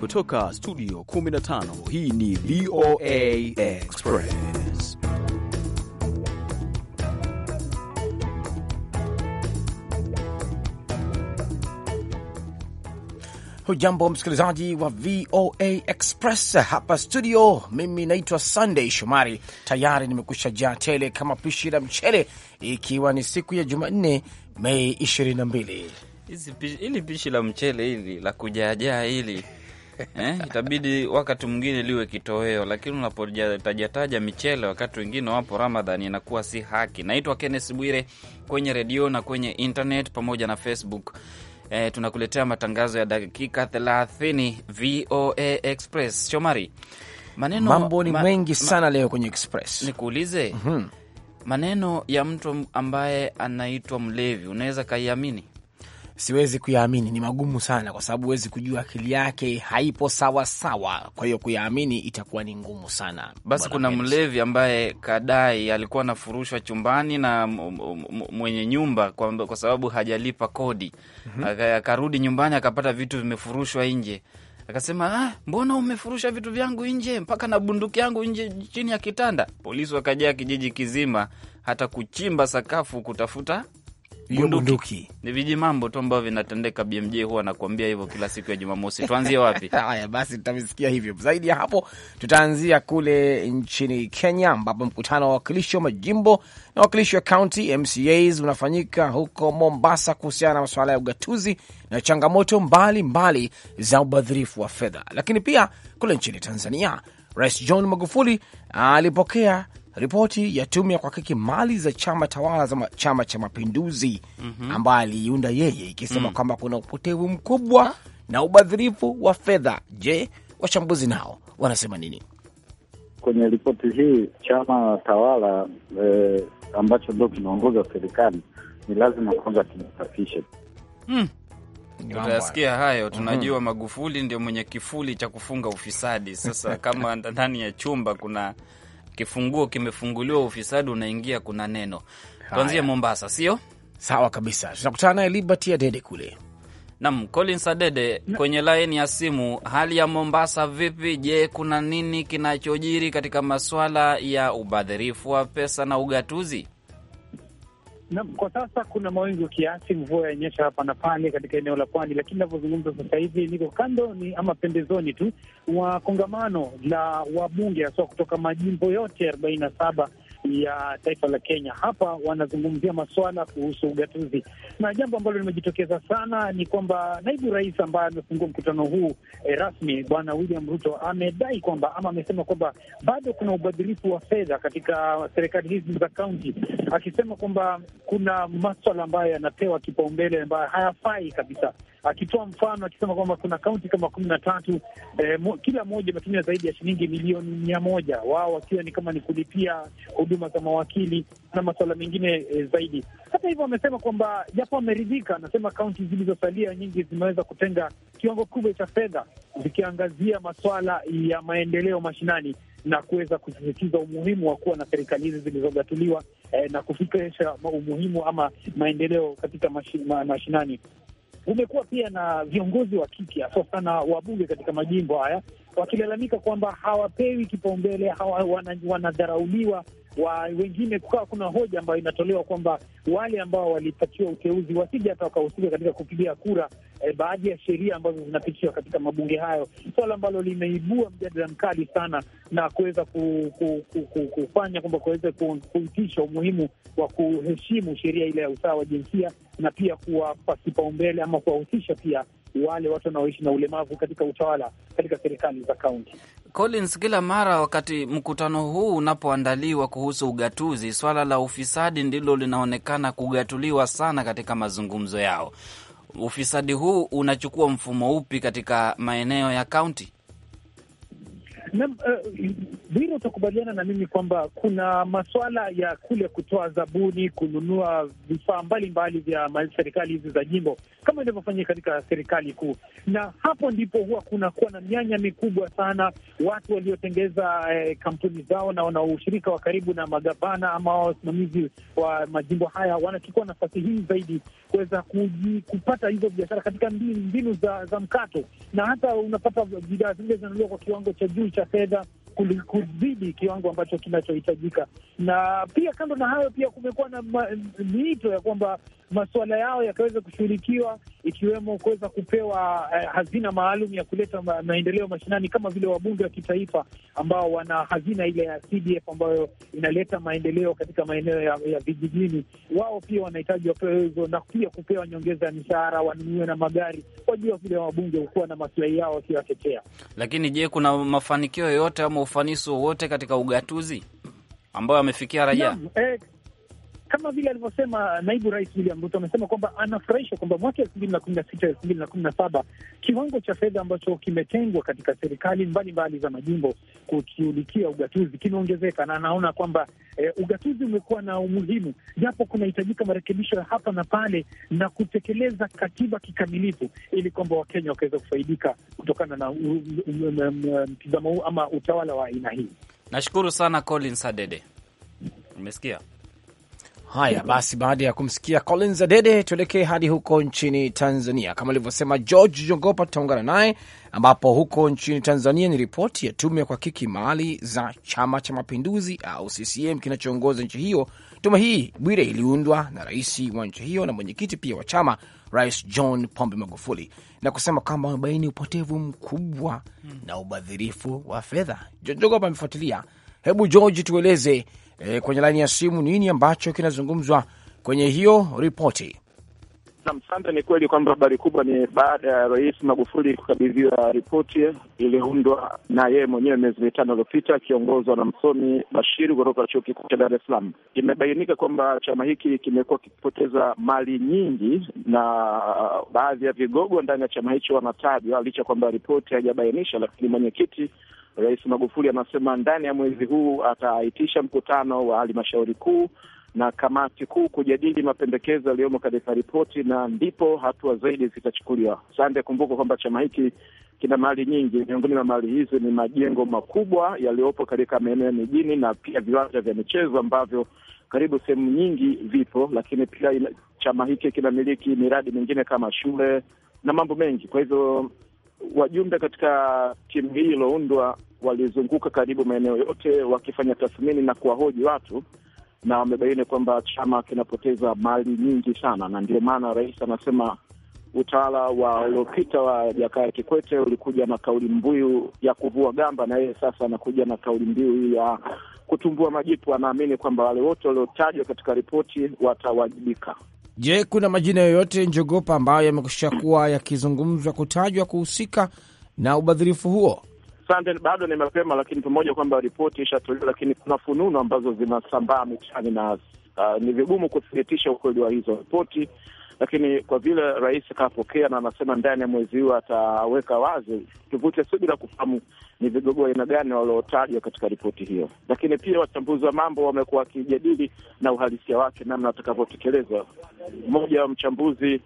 Kutoka studio 15 hii ni VOA Express. Hujambo msikilizaji wa VOA Express hapa studio. Mimi naitwa Sunday Shomari, tayari nimekusha jaa tele kama pishi la mchele, ikiwa ni siku ya Jumanne Mei 22. Hili pishi la mchele hili la kujaajaa hili eh, itabidi wakati mwingine liwe kitoweo, lakini unapotajataja michele wakati wengine wapo Ramadhani inakuwa si haki. Naitwa Kenneth Bwire kwenye redio na kwenye internet pamoja na Facebook. Eh, tunakuletea matangazo ya dakika 30 VOA Express. Shomari, maneno mambo ni ma, mengi sana ma, leo kwenye Express nikuulize, mm -hmm. maneno ya mtu ambaye anaitwa mlevi unaweza kaiamini? siwezi kuyaamini, ni magumu sana, kwa sababu huwezi kujua, akili yake haipo sawa sawa, kwa hiyo kuyaamini itakuwa ni ngumu sana. Basi kuna mlevi ambaye kadai alikuwa anafurushwa chumbani na mwenye nyumba kwa, kwa sababu hajalipa kodi mm -hmm. Akarudi nyumbani akapata vitu vimefurushwa nje akasema ah, mbona umefurusha vitu vyangu nje mpaka na bunduki yangu nje chini ya kitanda? Polisi wakajaa kijiji kizima, hata kuchimba sakafu kutafuta bunduki. Ni viji mambo tu ambavyo vinatendeka. BMJ huwa anakuambia hivyo kila siku ya Jumamosi. Tuanzie wapi? Haya basi, tutavisikia hivyo zaidi ya hapo. Tutaanzia kule nchini Kenya, ambapo mkutano wa wakilishi wa majimbo na wakilishi wa kaunti MCAs unafanyika huko Mombasa kuhusiana na masuala ya ugatuzi na changamoto mbalimbali mbali za ubadhirifu wa fedha. Lakini pia kule nchini Tanzania, Rais John Magufuli alipokea Ripoti ya tume ya kuhakiki mali za chama tawala za Chama cha Mapinduzi mm -hmm. ambayo aliiunda yeye ikisema mm -hmm. kwamba kuna upotevu mkubwa ah. na ubadhirifu wa fedha. Je, wachambuzi nao wanasema nini? Kwenye ripoti hii chama tawala e, ambacho ndio kinaongoza serikali ni lazima kwanza kijisafishe. mm. Tutayasikia hayo. Tunajua mm-hmm. Magufuli ndio mwenye kifuli cha kufunga ufisadi. Sasa kama ndani ya chumba kuna kifunguo kimefunguliwa, ufisadi unaingia, kuna neno. Tuanzie Mombasa, sio sawa kabisa. tunakutana naye Liberty Adede kule nam Collins Adede kwenye laini ya simu. Hali ya Mombasa vipi? Je, kuna nini kinachojiri katika masuala ya ubadhirifu wa pesa na ugatuzi? Na, kwa sasa kuna mawingu kiasi, mvua yanyesha hapa na pale katika eneo la pwani, lakini inavyozungumza sasa hivi niko kando ni ama pembezoni tu wa kongamano la wabunge haswa kutoka majimbo yote arobaini na saba ya taifa la Kenya. Hapa wanazungumzia masuala kuhusu ugatuzi, na jambo ambalo limejitokeza sana ni kwamba naibu rais ambaye amefungua mkutano huu eh, rasmi Bwana William Ruto amedai kwamba ama amesema kwamba bado kuna ubadhirifu wa fedha katika serikali hizi za kaunti, akisema kwamba kuna maswala ambayo yanapewa kipaumbele ambayo hayafai kabisa akitoa mfano akisema kwamba kuna kaunti kama kumi na tatu eh, mo, kila moja imetumia zaidi ya shilingi milioni mia moja wao wakiwa ni kama ni kulipia huduma za mawakili na masuala mengine eh, zaidi. Hata hivyo, wamesema kwamba japo wameridhika, anasema kaunti zilizosalia nyingi zimeweza kutenga kiwango kubwa cha fedha zikiangazia masuala ya maendeleo mashinani na kuweza kusisitiza umuhimu wa kuwa na serikali hizi zilizogatuliwa eh, na kufikisha umuhimu ama maendeleo katika mashi, ma, mashinani. Kumekuwa pia na viongozi wa kike hasa sana wabunge katika majimbo haya wakilalamika kwamba hawapewi kipaumbele, wanadharauliwa wa wengine. Kukawa kuna hoja ambayo inatolewa kwamba wale ambao walipatiwa uteuzi wasija hata wakahusika katika kupigia kura eh, baadhi ya sheria ambazo zinapitishwa katika mabunge hayo, swala ambalo limeibua mjadala mkali sana na kuweza ku, ku, ku, ku, kufanya kwamba kuweze kuitisha umuhimu wa kuheshimu sheria ile ya usawa wa jinsia na pia kuwapa kipaumbele ama kuwahusisha pia wale watu wanaoishi na ulemavu katika utawala katika serikali za kaunti. Collins, kila mara wakati mkutano huu unapoandaliwa kuhusu ugatuzi, swala la ufisadi ndilo linaonekana kugatuliwa sana katika mazungumzo yao. Ufisadi huu unachukua mfumo upi katika maeneo ya kaunti? na Bwira, eh, uh, utakubaliana na mimi kwamba kuna maswala ya kule kutoa zabuni, kununua vifaa mbalimbali vya serikali hizi za jimbo kama inavyofanyika katika serikali kuu, na hapo ndipo huwa kunakuwa na mianya mikubwa sana. Watu waliotengeza eh, kampuni zao na wana ushirika wa karibu na magavana ama wasimamizi wa majimbo haya wanachukua nafasi hii zaidi kuweza kupata hizo biashara katika mbinu za, za mkato, na hata unapata bidhaa zile zinanuliwa kwa kiwango cha juu cha fedha kuzidi kiwango ambacho kinachohitajika. Na pia kando na hayo, pia kumekuwa na miito ya kwamba masuala yao yakaweza kushughulikiwa, ikiwemo kuweza kupewa eh, hazina maalum ya kuleta ma maendeleo mashinani, kama vile wabunge wa kitaifa ambao wana hazina ile ya CDF ambayo inaleta maendeleo katika maeneo ya, ya vijijini. Wao pia wanahitaji wapewe hizo, na pia kupewa nyongeza ya mishahara, wanunuwe na magari, kwa jua vile wabunge hukuwa na maslahi yao wakiwatetea. Lakini je, kuna mafanikio yoyote ama ufanisi wowote katika ugatuzi ambayo amefikia raia? Eh, kama vile alivyosema naibu rais William Ruto amesema kwamba anafurahishwa kwamba mwaka elfu mbili na kumi na sita elfu mbili na kumi na saba kiwango cha fedha ambacho kimetengwa katika serikali mbalimbali za majimbo kushughulikia ugatuzi kimeongezeka, na anaona kwamba eh, ugatuzi umekuwa na umuhimu, japo kunahitajika marekebisho ya hapa na pale na kutekeleza katiba kikamilifu, ili kwamba Wakenya wakaweza kufaidika kutokana na mtizamo huu ama utawala wa aina hii. Nashukuru sana Collins Adede, umesikia. Haya basi, baada ya kumsikia Collins Adede, tuelekee hadi huko nchini Tanzania. Kama alivyosema George Jongopa, tutaungana naye ambapo huko nchini Tanzania ni ripoti ya tume ya kuhakiki mali za Chama cha Mapinduzi au CCM kinachoongoza nchi hiyo. Tume hii Bwire iliundwa na rais wa nchi hiyo na mwenyekiti pia wa chama, Rais John Pombe Magufuli, na kusema kwamba wamebaini upotevu mkubwa na ubadhirifu wa fedha. Jogopa amefuatilia. Hebu George, tueleze e, kwenye laini ya simu, nini ambacho kinazungumzwa kwenye hiyo ripoti? Naam, Ni kweli kwamba habari kubwa ni baada ya Rais Magufuli kukabidhiwa ripoti iliyoundwa na yeye mwenyewe miezi mitano iliyopita akiongozwa na msomi Bashiri kutoka chuo kikuu cha Dar es Salaam. Imebainika kwamba chama hiki kimekuwa kikipoteza mali nyingi, na uh, baadhi ya vigogo ndani ya chama hicho wanatajwa, licha kwamba ripoti haijabainisha, lakini mwenyekiti Rais Magufuli anasema ndani ya mwezi huu ataitisha mkutano wa halmashauri kuu na kamati kuu kujadili mapendekezo yaliyomo katika ripoti na ndipo hatua zaidi zitachukuliwa. Sande, kumbuka kwamba chama hiki kina mali nyingi. Miongoni mwa mali hizi ni majengo makubwa yaliyopo katika maeneo ya mijini na pia viwanja vya michezo ambavyo karibu sehemu nyingi vipo, lakini pia chama hiki kinamiliki miradi mingine kama shule na mambo mengi. Kwa hivyo wajumbe katika timu hii iliyoundwa walizunguka karibu maeneo yote wakifanya tathmini na kuwahoji watu, na wamebaini kwamba chama kinapoteza mali nyingi sana, na ndio maana rais anasema utawala wa uliopita wa Jakaya Kikwete ulikuja na kauli mbiu ya kuvua gamba, na yeye sasa anakuja na kauli mbiu ya kutumbua majipu. Anaamini kwamba wale wote waliotajwa katika ripoti watawajibika. Je, kuna majina yoyote njogopa ambayo yamekusha kuwa yakizungumzwa kutajwa kuhusika na ubadhirifu huo? Sande, bado ni mapema, lakini pamoja kwamba ripoti ishatolewa, lakini kuna fununu ambazo zinasambaa mitaani na uh, ni vigumu kuthibitisha ukweli wa hizo ripoti, lakini kwa vile rais akapokea na anasema ndani ya mwezi huu ataweka wazi, tuvute subira kufahamu ni vigogo aina gani waliotajwa katika ripoti hiyo. Lakini pia wachambuzi wa mambo wamekuwa wakijadili na uhalisia wake, namna atakavyotekelezwa. Mmoja wa mchambuzi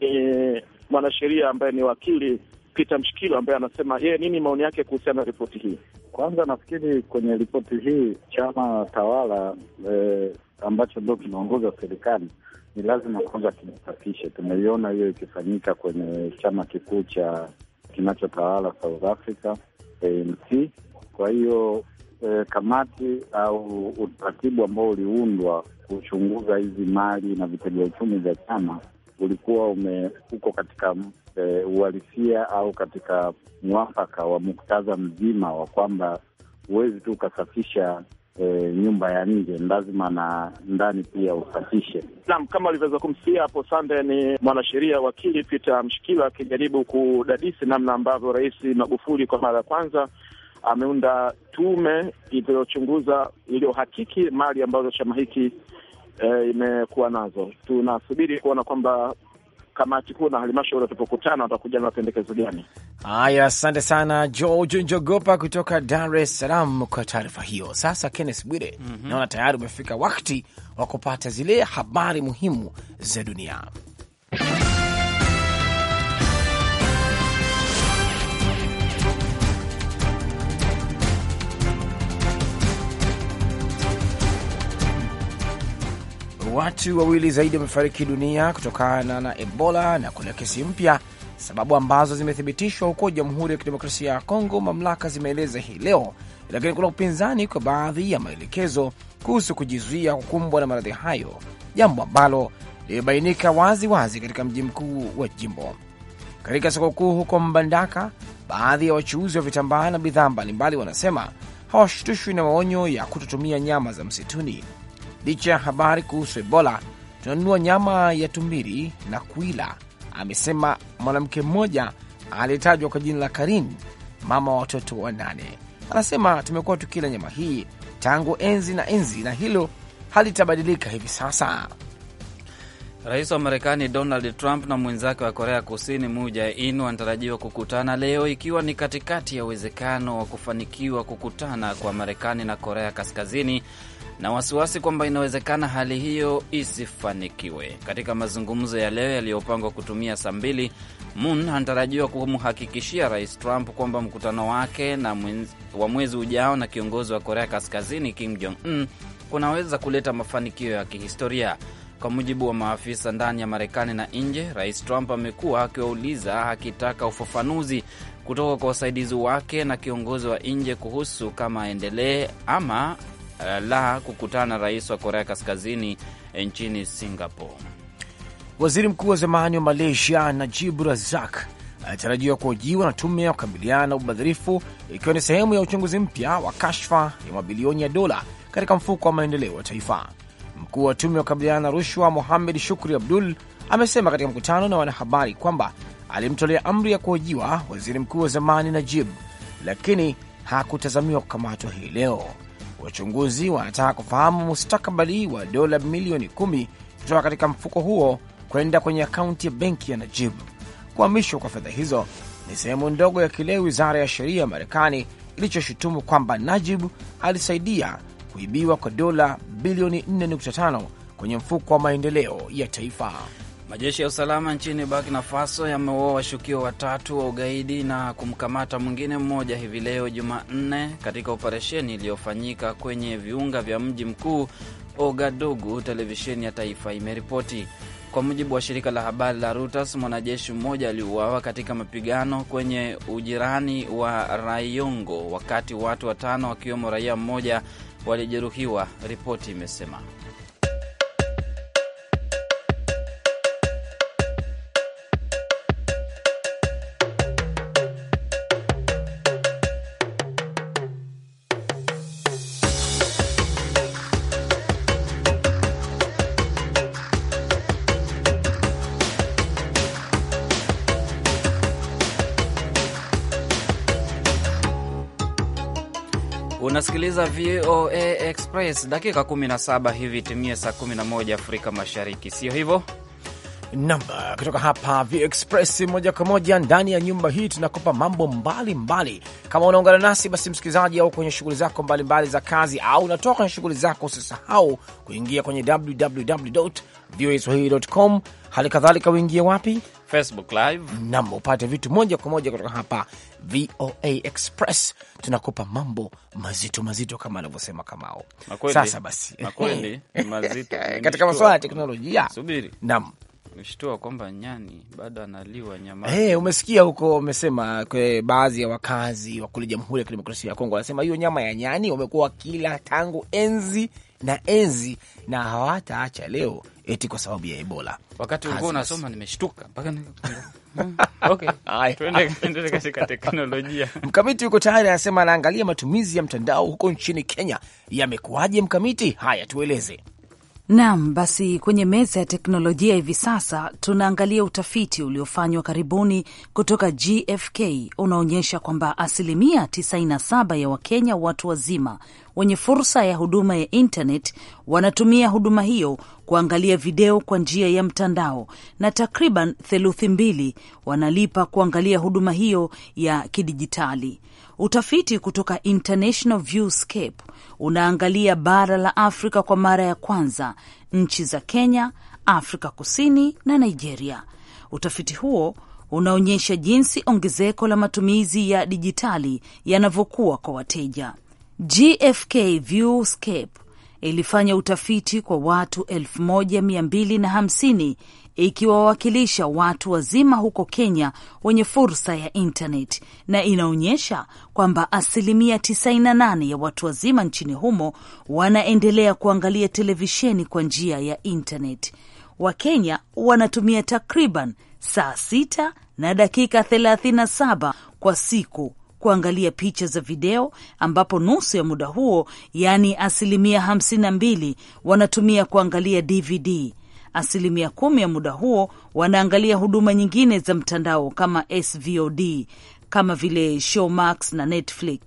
ni e, mwanasheria ambaye ni wakili Peter Mshikilo ambaye anasema yeye nini maoni yake kuhusiana na ripoti hii. Kwanza nafikiri kwenye ripoti hii chama tawala e, ambacho ndio kinaongoza serikali ni lazima kwanza tujisafishe. Tumeiona hiyo ikifanyika kwenye chama kikuu cha kinachotawala South Africa, ANC. Kwa hiyo eh, kamati au utaratibu ambao uliundwa kuchunguza hizi mali na vitega uchumi vya chama ulikuwa ume- uko katika e, uhalisia au katika mwafaka wa muktadha mzima wa kwamba huwezi tu ukasafisha e, nyumba ya nje lazima na ndani pia usafishe. Naam, kama alivyoweza kumsikia hapo Sande ni mwanasheria wakili Peter Mshikila akijaribu kudadisi namna ambavyo Rais Magufuli kwa mara ya kwanza ameunda tume iliyochunguza iliyohakiki mali ambazo chama hiki e, imekuwa nazo. Tunasubiri kuona kwamba kamati kuu na halmashauri watapokutana watakuja na mapendekezo gani. Haya, asante sana George Njogopa kutoka Dar es Salaam kwa taarifa hiyo. Sasa kennes Bwire, mm -hmm. naona tayari umefika wakati wa kupata zile habari muhimu za dunia. Watu wawili zaidi wamefariki dunia kutokana na Ebola na kuna kesi mpya sababu ambazo zimethibitishwa huko Jamhuri ya Kidemokrasia ya Kongo, mamlaka zimeeleza hii leo, lakini kuna upinzani kwa baadhi ya maelekezo kuhusu kujizuia kukumbwa na maradhi hayo, jambo ambalo limebainika wazi wazi katika mji mkuu wa jimbo. Katika soko kuu huko Mbandaka, baadhi ya wachuuzi wa vitambaa na bidhaa mbalimbali wanasema hawashtushwi na maonyo ya kutotumia nyama za msituni. Licha ya habari kuhusu Ebola, tunanunua nyama ya tumbiri na kuila amesema mwanamke mmoja aliyetajwa kwa jina la Karin, mama wa watoto wanane, anasema tumekuwa tukila nyama hii tangu enzi na enzi na hilo halitabadilika hivi sasa. Rais wa Marekani Donald Trump na mwenzake wa Korea Kusini Moon Jae-in wanatarajiwa kukutana leo, ikiwa ni katikati ya uwezekano wa kufanikiwa kukutana kwa Marekani na Korea Kaskazini na wasiwasi kwamba inawezekana hali hiyo isifanikiwe. Katika mazungumzo ya leo yaliyopangwa kutumia saa mbili, Moon anatarajiwa kumhakikishia Rais Trump kwamba mkutano wake na wa mwezi ujao na kiongozi wa Korea Kaskazini Kim Jong Un kunaweza kuleta mafanikio ya kihistoria. Kwa mujibu wa maafisa ndani ya Marekani na nje, Rais Trump amekuwa akiwauliza akitaka ufafanuzi kutoka kwa wasaidizi wake na kiongozi wa nje kuhusu kama aendelee ama eh, la kukutana na rais wa Korea Kaskazini eh, nchini Singapore. Waziri mkuu wa zamani wa Malaysia Najib Razak anatarajiwa kuhojiwa na tume ya kukabiliana na ubadhirifu ikiwa ni sehemu ya uchunguzi mpya wa kashfa ya mabilioni ya dola katika mfuko wa maendeleo wa taifa. Mkuu wa tume ya kukabiliana na rushwa Mohamed Shukri Abdul amesema katika mkutano na wanahabari kwamba alimtolea amri ya kuhojiwa waziri mkuu wa zamani Najib, lakini hakutazamiwa kukamatwa hii leo. Wachunguzi wanataka kufahamu mustakabali wa dola milioni kumi kutoka katika mfuko huo kwenda kwenye akaunti ya benki ya Najib. Kuhamishwa kwa fedha hizo ni sehemu ndogo ya kile wizara ya sheria ya Marekani ilichoshutumu kwamba Najib alisaidia kuibiwa kwa dola bilioni 4.5 kwenye mfuko wa maendeleo ya taifa. Majeshi ya usalama nchini Burkina Faso yameua washukiwa watatu wa ugaidi na kumkamata mwingine mmoja hivi leo Jumanne katika operesheni iliyofanyika kwenye viunga vya mji mkuu ogadogu televisheni ya taifa imeripoti. Kwa mujibu wa shirika la habari la Reuters, mwanajeshi mmoja aliuawa katika mapigano kwenye ujirani wa Rayongo, wakati watu watano wakiwemo raia mmoja walijeruhiwa, ripoti imesema. unasikiliza VOA Express. Dakika 17 hivi timie saa 11 Afrika Mashariki, sio hivyo? Namba kutoka hapa VOA Express moja kwa moja ndani ya nyumba hii, tunakopa mambo mbalimbali mbali. Kama unaungana nasi basi, msikilizaji, au kwenye shughuli zako mbalimbali mbali za kazi, au unatoka kwenye shughuli zako, usisahau kuingia kwenye www voaswahili.com. Hali kadhalika uingie wapi Facebook Live nam upate vitu moja kwa moja kutoka hapa VOA Express. Tunakupa mambo mazito mazito kama anavyosema Kamao. Sasa basi makweli mazito katika masuala ya teknolojia. Subiri nam Mshtua kwamba nyani bado analiwa nyama. Hey, eh, umesikia huko, umesema baadhi ya wakazi wa kule Jamhuri ya Kidemokrasia ya Kongo wanasema hiyo nyama ya nyani wamekuwa kila tangu enzi na enzi na hawataacha leo eti kwa sababu ya Ebola. Wakati ulikuwa unasoma nimeshtuka mpaka okay. Tuende katika teknolojia. Mkamiti yuko tayari, anasema anaangalia matumizi ya mtandao huko nchini Kenya yamekuwaje. Mkamiti, haya tueleze. Naam, basi kwenye meza ya teknolojia hivi sasa tunaangalia utafiti uliofanywa karibuni kutoka GfK unaonyesha kwamba asilimia 97 ya Wakenya watu wazima wenye fursa ya huduma ya intanet wanatumia huduma hiyo kuangalia video kwa njia ya mtandao na takriban theluthi mbili wanalipa kuangalia huduma hiyo ya kidijitali. Utafiti kutoka International Viewscape unaangalia bara la Afrika kwa mara ya kwanza, nchi za Kenya, Afrika Kusini na Nigeria. Utafiti huo unaonyesha jinsi ongezeko la matumizi ya dijitali yanavyokuwa kwa wateja. GfK Viewscape ilifanya utafiti kwa watu 1250 ikiwawakilisha watu wazima huko Kenya wenye fursa ya intaneti na inaonyesha kwamba asilimia 98 ya watu wazima nchini humo wanaendelea kuangalia televisheni kwa njia ya intaneti. Wakenya wanatumia takriban saa sita na dakika 37 kwa siku kuangalia picha za video ambapo nusu ya muda huo, yaani asilimia 52, wanatumia kuangalia DVD asilimia kumi ya muda huo wanaangalia huduma nyingine za mtandao kama SVOD kama vile Showmax na Netflix.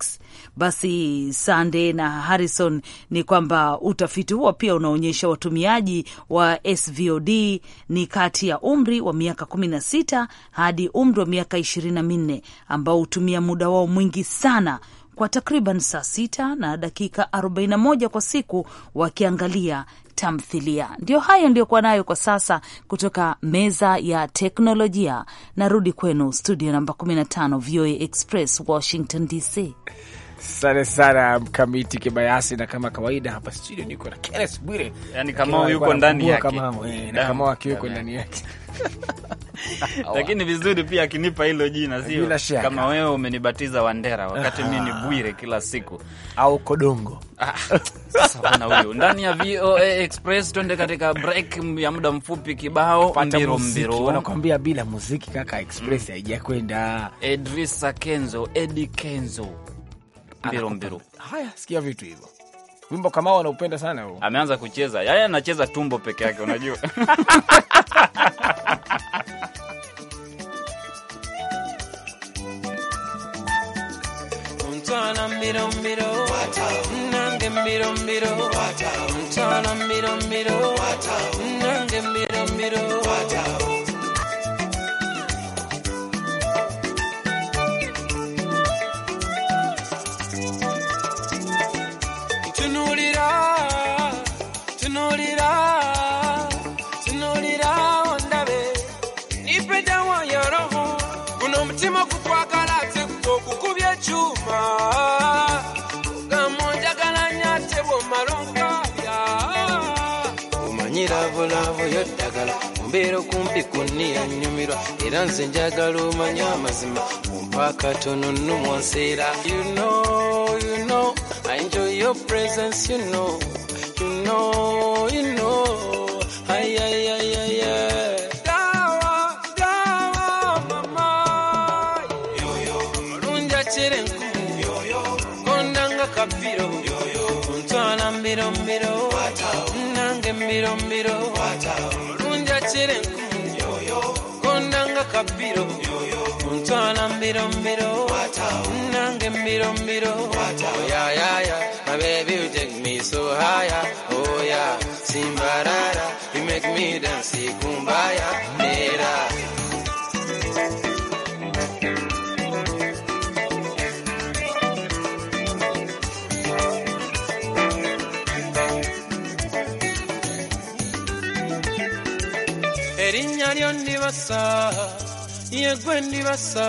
Basi Sande na Harrison, ni kwamba utafiti huo pia unaonyesha watumiaji wa SVOD ni kati ya umri wa miaka 16 hadi umri wa miaka 24 ambao hutumia muda wao mwingi sana kwa takriban saa sita na dakika 41 kwa siku wakiangalia tamthilia. Ndio hayo ndiyokuwa nayo kwa sasa kutoka meza ya teknolojia. Narudi kwenu studio namba 15 VOA Express, Washington DC. Asante sana Mkamiti Kibayasi, na kama kawaida hapa studio niko na Kenes Bwire, yani kama yuko eh, ndani yake, kama akiweko ndani yake lakini vizuri pia akinipa hilo jina, sio kama wewe umenibatiza Wandera wakati mi ni Bwire kila siku au Kodongo. Ah, sasa huyu ndani ya VOA Express, twende katika break ya muda mfupi kibao mbiro mbiro, wanakwambia bila muziki kaka Express mm. haijakwenda. Mm. Edrisa Kenzo, Edi Kenzo, mbiro mbiro. Haya, sikia vitu hivyo wimbo kama anaupenda sana huu. Ameanza kucheza yeye, anacheza tumbo peke yake, unajua Mtwala mbiro mbiro, nange mbiro mbiro, mtwala mbiro mbiro embeera okumpi ku nni yanyumirwa era nze njagala omanya amazima mumpa katono nno mwanseera Mbiro, mbiro, nange mbiro, mbiro, watao. nsera enkumu gondanga kabbiro ontwala mbirombiro nange mbirombiro oyayaya baby you take me so higher oh yeah simbarara you make me dance kumbaya nera ndibasa ye gwe ndibasa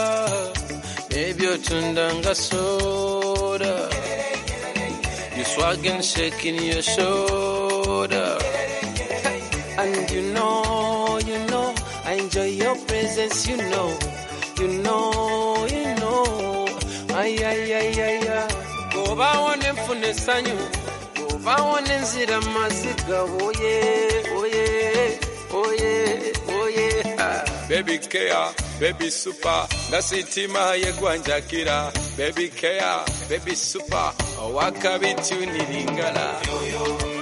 n'ebyotunda nga soda you swag and shaking your shoulder and you know you know i enjoy your presence you know you know you know ay ay ay ay obawo nenfuna essanyu obawo nenzira maziga oye oye oye oye baby care baby super ndasitima yegwanjakira baby care baby super wakabituniringana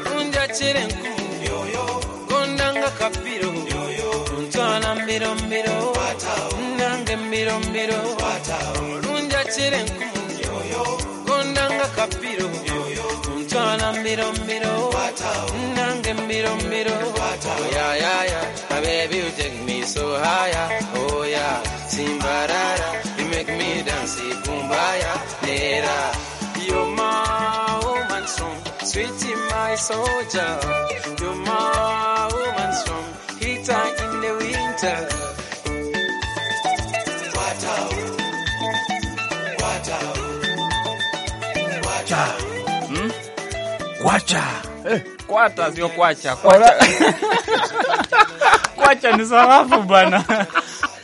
runjakire nkumu kondanga kapiro kuntwala mbirombiro nange mbirombiro runjakire nkumu kondanga kapiro mukyala mbiro mbiro nange mbiro mbiro oyayaya babebi you take me so higher oh yeah simbarara you make me dance kumbaya nera you're my woman strong sweet in my soldier you're my woman strong heater in the winter Water. kwacha eh, kwata sio kwacha, kwacha. kwacha ni sarafu bwana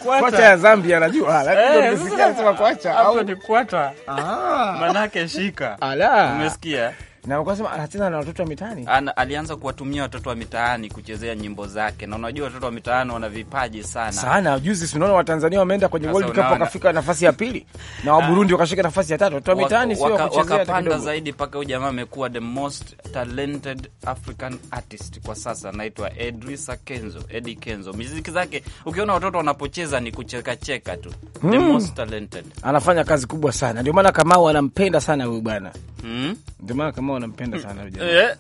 kwacha ya Zambia najua, lakini eh, sema kwacha au ni kwata, Ah, manake shika. Ala, umesikia? na ukasema ah, na watoto wa mitaani. Alianza kuwatumia watoto wa mitaani kuchezea nyimbo zake, na unajua watoto wa mitaani wana vipaji sana sana. Juzi Watanzania wameenda kwenye World Cup wakafika nafasi ya pili na Waburundi ah. wakashika nafasi ya tatu. Watoto wa mitaani sio wakapanda zaidi mpaka huyu jamaa amekuwa the most talented African artist kwa sasa, anaitwa Edrisa Kenzo, Eddie Kenzo. Miziki zake ukiona watoto wanapocheza ni kuchekacheka tu, the hmm. most talented. Anafanya kazi kubwa sana, ndio maana Kamau anampenda sana huyu bwana, hmm? ndio maana Kamau kama unampenda sana eh.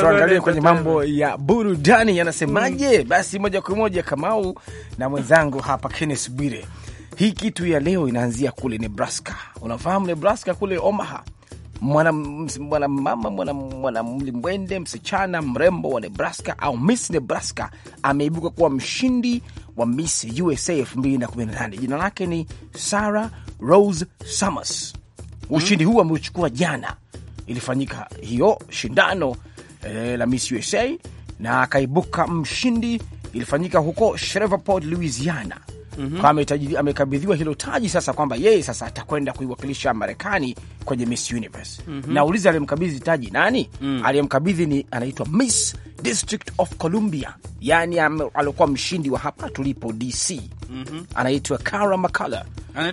Tuangalie kwenye mambo ya burudani yanasemaje? Mm. Basi moja kwa moja Kamau na mwenzangu hapa Kenneth Bwire, hii kitu ya leo inaanzia kule Nebraska. Unafahamu Nebraska kule Omaha mwanamama mwana, mama mwana msichana mrembo wa Nebraska au Miss Nebraska ameibuka kuwa mshindi wa Miss USA 2018. Jina lake ni Sarah Rose Summers. Hmm? Ushindi huu ameuchukua jana, ilifanyika hiyo shindano eh, la Miss USA na akaibuka mshindi, ilifanyika huko Shreveport, Louisiana mm -hmm. amekabidhiwa hilo taji sasa, kwamba yeye sasa atakwenda kuiwakilisha Marekani kwenye Miss Universe mm -hmm. Nauliza, aliyemkabidhi taji nani? mm. Aliyemkabidhi ni anaitwa Miss District of Columbia, yani aliokuwa mshindi wa hapa tulipo DC mm -hmm. Anaitwa Kara Makala,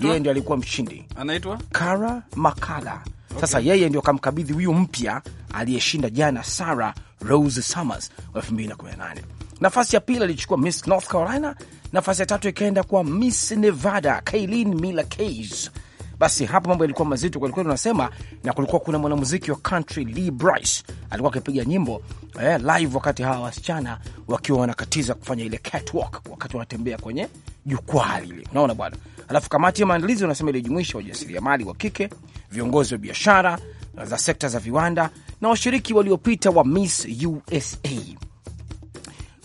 yeye ndio alikuwa mshindi, anaitwa Kara Makala. Sasa okay. Yeye ndio kamkabidhi huyu mpya aliyeshinda jana, Sarah Rose Summers wa 2018. Nafasi ya pili alichukua Miss North Carolina nafasi ya tatu ikaenda kwa Miss Nevada Kailin Mila Kays. Basi hapo mambo yalikuwa mazito kwelikweli, unasema na kulikuwa kuna mwanamuziki wa country Lee Bryce alikuwa akipiga nyimbo eh, live, wakati hawa wasichana wakiwa wanakatiza kufanya ile catwalk, wakati wanatembea kwenye jukwaa lile, unaona bwana. Alafu kamati ya maandalizi unasema ilijumuisha wajasiriamali wa kike, viongozi wa biashara za sekta za viwanda na washiriki waliopita wa Miss USA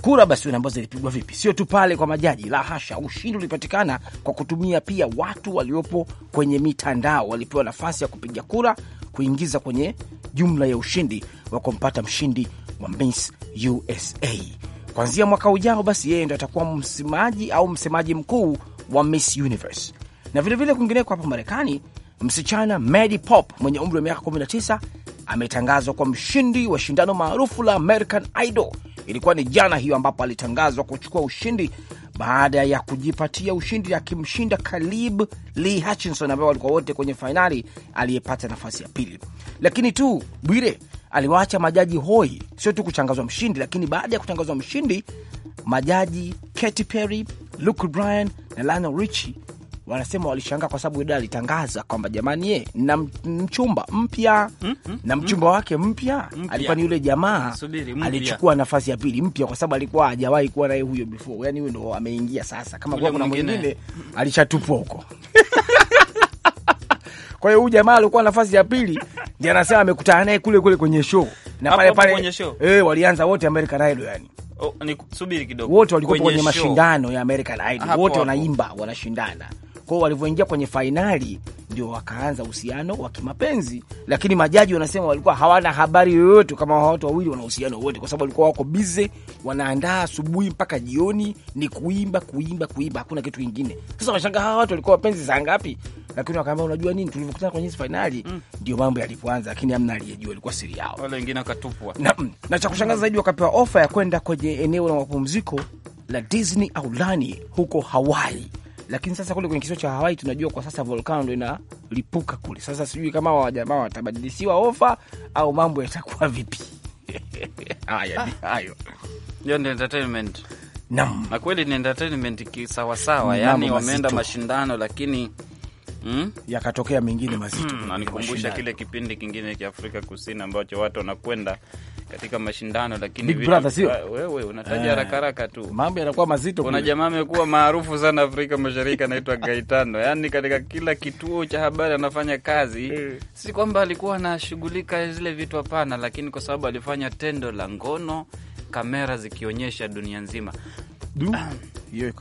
kura basi ambazo zilipigwa vipi, sio tu pale kwa majaji, la hasha. Ushindi ulipatikana kwa kutumia pia watu waliopo kwenye mitandao, walipewa nafasi ya kupiga kura kuingiza kwenye jumla ya ushindi wa kumpata mshindi wa Miss USA. Kuanzia mwaka ujao, basi yeye ndo atakuwa msemaji au msemaji mkuu wa Miss Universe. Na vilevile kwingineko hapa Marekani, msichana Maddie Pop mwenye umri wa miaka 19 ametangazwa kwa mshindi wa shindano maarufu la American Idol Ilikuwa ni jana hiyo ambapo alitangazwa kuchukua ushindi baada ya kujipatia ushindi akimshinda kalib Lee Hutchinson ambaye walikuwa wote kwenye fainali, aliyepata nafasi ya pili. Lakini tu Bwire aliwaacha majaji hoi, sio tu kutangazwa mshindi, lakini baada ya kutangazwa mshindi majaji Katy Perry, Luke Bryan na Lionel Richie wanasema walishangaa kwa sababu dada alitangaza kwamba jamani, ye na mchumba mpya mm, mm, na hmm. mchumba mm, wake mpya alikuwa ni yule jamaa alichukua nafasi ya pili mpya, kwa sababu alikuwa hajawahi kuwa naye huyo before, yani huyo ndo ameingia sasa. Kama kuna mwingine alishatupwa huko kwa hiyo huyu jamaa alikuwa nafasi ya pili ndiye anasema amekutana naye kule kule kwenye show na pale pale eh, walianza wote American Idol yani. Oh, ni subiri kidogo, wote walikuwa kwenye, kwenye mashindano ya American Idol, wote wanaimba wanashindana kwao. Walivyoingia kwenye fainali ndio wakaanza uhusiano wa kimapenzi, lakini majaji wanasema walikuwa hawana habari yoyote kama hawa watu wawili wana uhusiano wote, kwa sababu walikuwa wako bize, wanaandaa asubuhi mpaka jioni, ni kuimba, kuimba, kuimba, hakuna kitu kingine. Sasa washanga hawa watu walikuwa wapenzi saa ngapi? Lakini wakaambia unajua nini, tulivyokutana kwenye fainali mm. ndio mm, mambo yalipoanza, lakini amna aliyejua, ilikuwa siri yao. Wale wengine wakatupwa na, na cha kushangaza zaidi wakapewa ofa ya kwenda kwenye eneo la mapumziko la Disney au lani huko Hawaii lakini sasa kule kwenye kisiwa cha Hawaii tunajua kwa sasa volkano ndo inalipuka kule. Sasa sijui kama wajamaa watabadilisiwa ofa au mambo yatakuwa vipi? Haya hayo ndio entertainment nam, na kweli ni entertainment kisawasawa, yani wameenda mashindano lakini Hmm? Yakatokea mengine mazito. Hmm, nanikumbusha kile kipindi kingine cha Afrika Kusini ambacho watu wanakwenda katika mashindano, lakini Big Brother sio wewe, unataja haraka eh, haraka tu, mambo yanakuwa mazito. Kuna jamaa amekuwa maarufu sana Afrika Mashariki anaitwa Gaitano, yani katika kila kituo cha habari anafanya kazi. Eh. Si kwamba alikuwa anashughulika zile vitu, hapana, lakini kwa sababu alifanya tendo la ngono, kamera zikionyesha dunia nzima. Hiyo mm,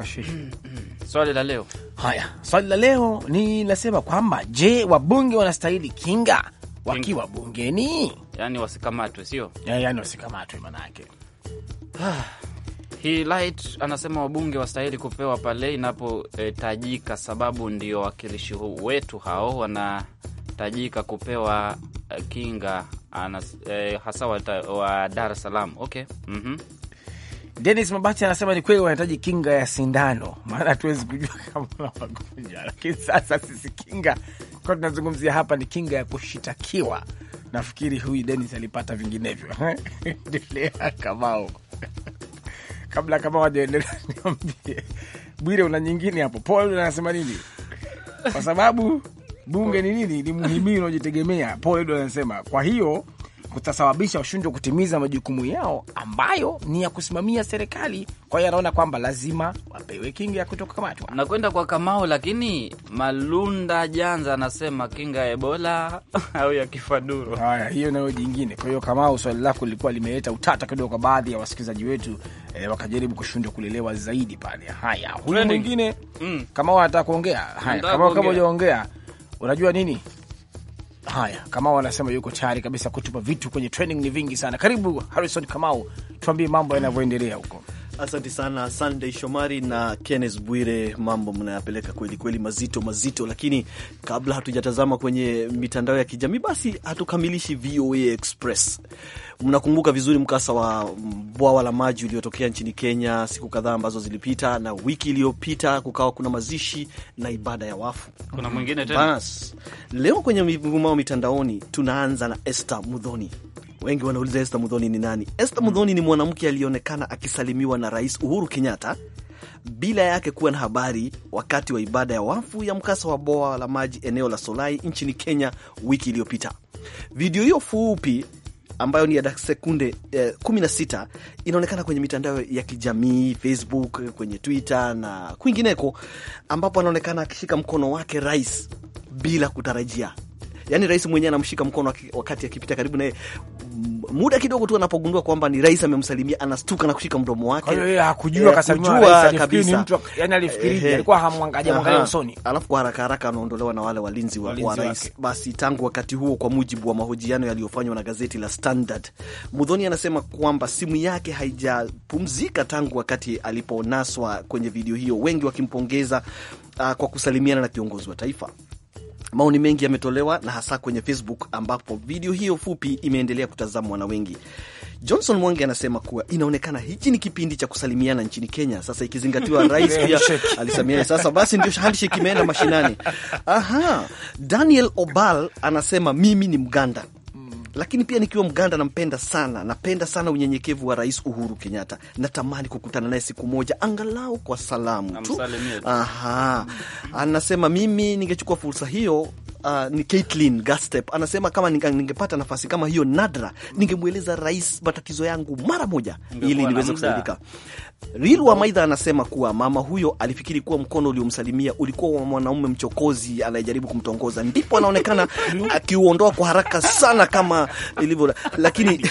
mm. swali la leo. Haya, swali la leo ni nasema kwamba, je, wabunge wanastahili kinga wakiwa bungeni? yani wasikamatwe, sio yeah, yani wasikamatwe manake Hii light anasema wabunge wastahili kupewa pale inapotajika e, sababu ndio wakilishi wetu hao wanatajika kupewa eh, kinga anas, e, hasa wa, wa Dar es Salaam. Okay. mm -hmm. Denis Mabati anasema ni kweli wanahitaji kinga ya sindano, maana hatuwezi kujua kama na magonjwa, lakini sasa sisi kinga kwa tunazungumzia hapa ni kinga ya kushitakiwa Nafikiri huyu Denis alipata vinginevyo Kamao kabla Kamao hajaendelea niambie, Bwire, una nyingine hapo? Paul anasema nini? Kwa sababu bunge ni nini? Ni muhimili unaojitegemea. Paul anasema kwa hiyo kutasababisha washindwe kutimiza majukumu yao ambayo ni ya kusimamia serikali. Kwa hiyo anaona kwamba lazima wapewe kinga ya kutokamatwa na kwenda kwa Kamao. Lakini Malunda Janza anasema kinga ya Ebola au ya kifaduro. Haya, hiyo nayo jingine. Kwa hiyo Kamao, swali lako lilikuwa limeleta utata kidogo kwa baadhi ya wasikilizaji wetu eh, wakajaribu kushindwa kulelewa zaidi pale. Haya, huyu mwingine mm. Kamao anataka kuongea. Haya, Kamao, kama hujaongea, unajua nini Haya, Kamau anasema yuko tayari kabisa kutupa vitu kwenye training. Ni vingi sana. Karibu Harrison Kamau, tuambie mambo yanavyoendelea huko. Asante sana Sunday Shomari na Kenneth Bwire, mambo mnayapeleka kweli kweli, mazito mazito. Lakini kabla hatujatazama kwenye mitandao ya kijamii, basi hatukamilishi VOA Express. Mnakumbuka vizuri mkasa wa bwawa la maji uliotokea nchini Kenya siku kadhaa ambazo zilipita, na wiki iliyopita kukawa kuna mazishi na ibada ya wafu. Kuna mwingine tena bas. Leo kwenye mivumao mitandaoni tunaanza na Esther Mudhoni Wengi wanauliza Esther Mudhoni ni nani? Esther Mudhoni ni mwanamke aliyeonekana akisalimiwa na Rais Uhuru Kenyatta bila yake kuwa na habari wakati wa ibada ya wafu ya mkasa wa boa la maji eneo la Solai nchini Kenya wiki iliyopita. Video hiyo fupi ambayo ni ya sekunde eh, 16 inaonekana kwenye mitandao ya kijamii Facebook, kwenye Twitter na kwingineko, ambapo anaonekana akishika mkono wake rais bila kutarajia yani rais mwenyewe anamshika mkono wakati akipita karibu naye, muda kidogo tu anapogundua kwamba ni rais amemsalimia, anastuka na kushika mdomo wake. Yeye hakujua eh, kasalimia mtu yani alifikiri eh, eh. alikuwa hamwangalia mwangalia usoni, alafu kwa haraka haraka anaondolewa na wale walinzi wa rais. Basi tangu wakati huo, kwa mujibu wa mahojiano yaliyofanywa na gazeti la Standard, Mudhoni anasema kwamba simu yake haijapumzika tangu wakati aliponaswa kwenye video hiyo, wengi wakimpongeza uh, kwa kusalimiana na kiongozi wa taifa. Maoni mengi yametolewa na hasa kwenye Facebook ambapo video hiyo fupi imeendelea kutazamwa na wengi. Johnson Mwangi anasema kuwa inaonekana hichi ni kipindi cha kusalimiana nchini Kenya sasa, ikizingatiwa rais pia alisamehe, sasa basi ndio handshake imeenda mashinani. Aha, Daniel Obal anasema mimi ni Mganda lakini pia nikiwa Mganda nampenda sana, napenda sana unyenyekevu wa Rais Uhuru Kenyatta. Natamani kukutana naye siku moja, angalau kwa salamu tu. Aha, anasema mimi ningechukua fursa hiyo uh, ni Caitlin Gastep anasema kama ningepata nafasi kama hiyo nadra, ningemweleza rais matatizo yangu mara moja ili niweze kusaidika. Rilwa Maidha anasema kuwa mama huyo alifikiri kuwa mkono uliomsalimia ulikuwa wa mwanaume mchokozi anayejaribu kumtongoza, ndipo anaonekana akiuondoa kwa haraka sana kama ilivyo. Lakini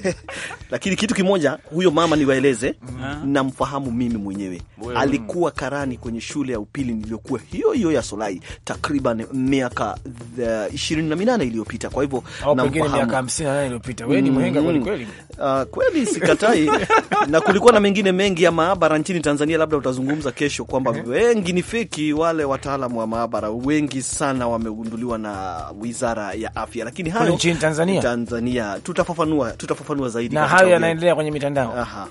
lakini kitu kimoja, huyo mama niwaeleze, uh-huh. namfahamu mimi mwenyewe, alikuwa karani kwenye shule ya upili niliyokuwa hiyo hiyo ya Solai takriban miaka miaka 28 iliyopita. Kwa hivyo mm, mm. Ah, kweli sikatai na kulikuwa na mengine mengi ya maabara nchini Tanzania, labda utazungumza kesho kwamba wengi ni feki. Wale wataalamu wa maabara wengi sana wamegunduliwa na Wizara ya Afya, lakini hayo nchini Tanzania, Tanzania tutafafanua, tutafafanua zaidi na hayo yanaendelea kwenye mitandao. Aha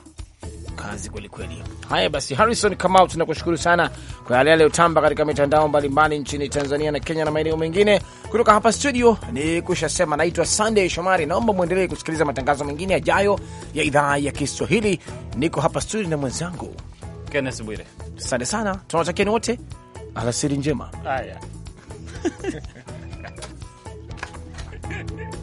kazi kwelikweli. Haya basi, Harrison Kamau, tunakushukuru sana kwa yale yaliyotamba katika mitandao mbalimbali nchini Tanzania na Kenya na maeneo mengine. Kutoka hapa studio ni kushasema, naitwa Sunday Shomari. Naomba mwendelee kusikiliza matangazo mengine yajayo ya idhaa ya Kiswahili. Niko hapa studio na mwenzangu Kenneth Bwire. Asante sana, tunawatakieni wote alasiri njema. Haya.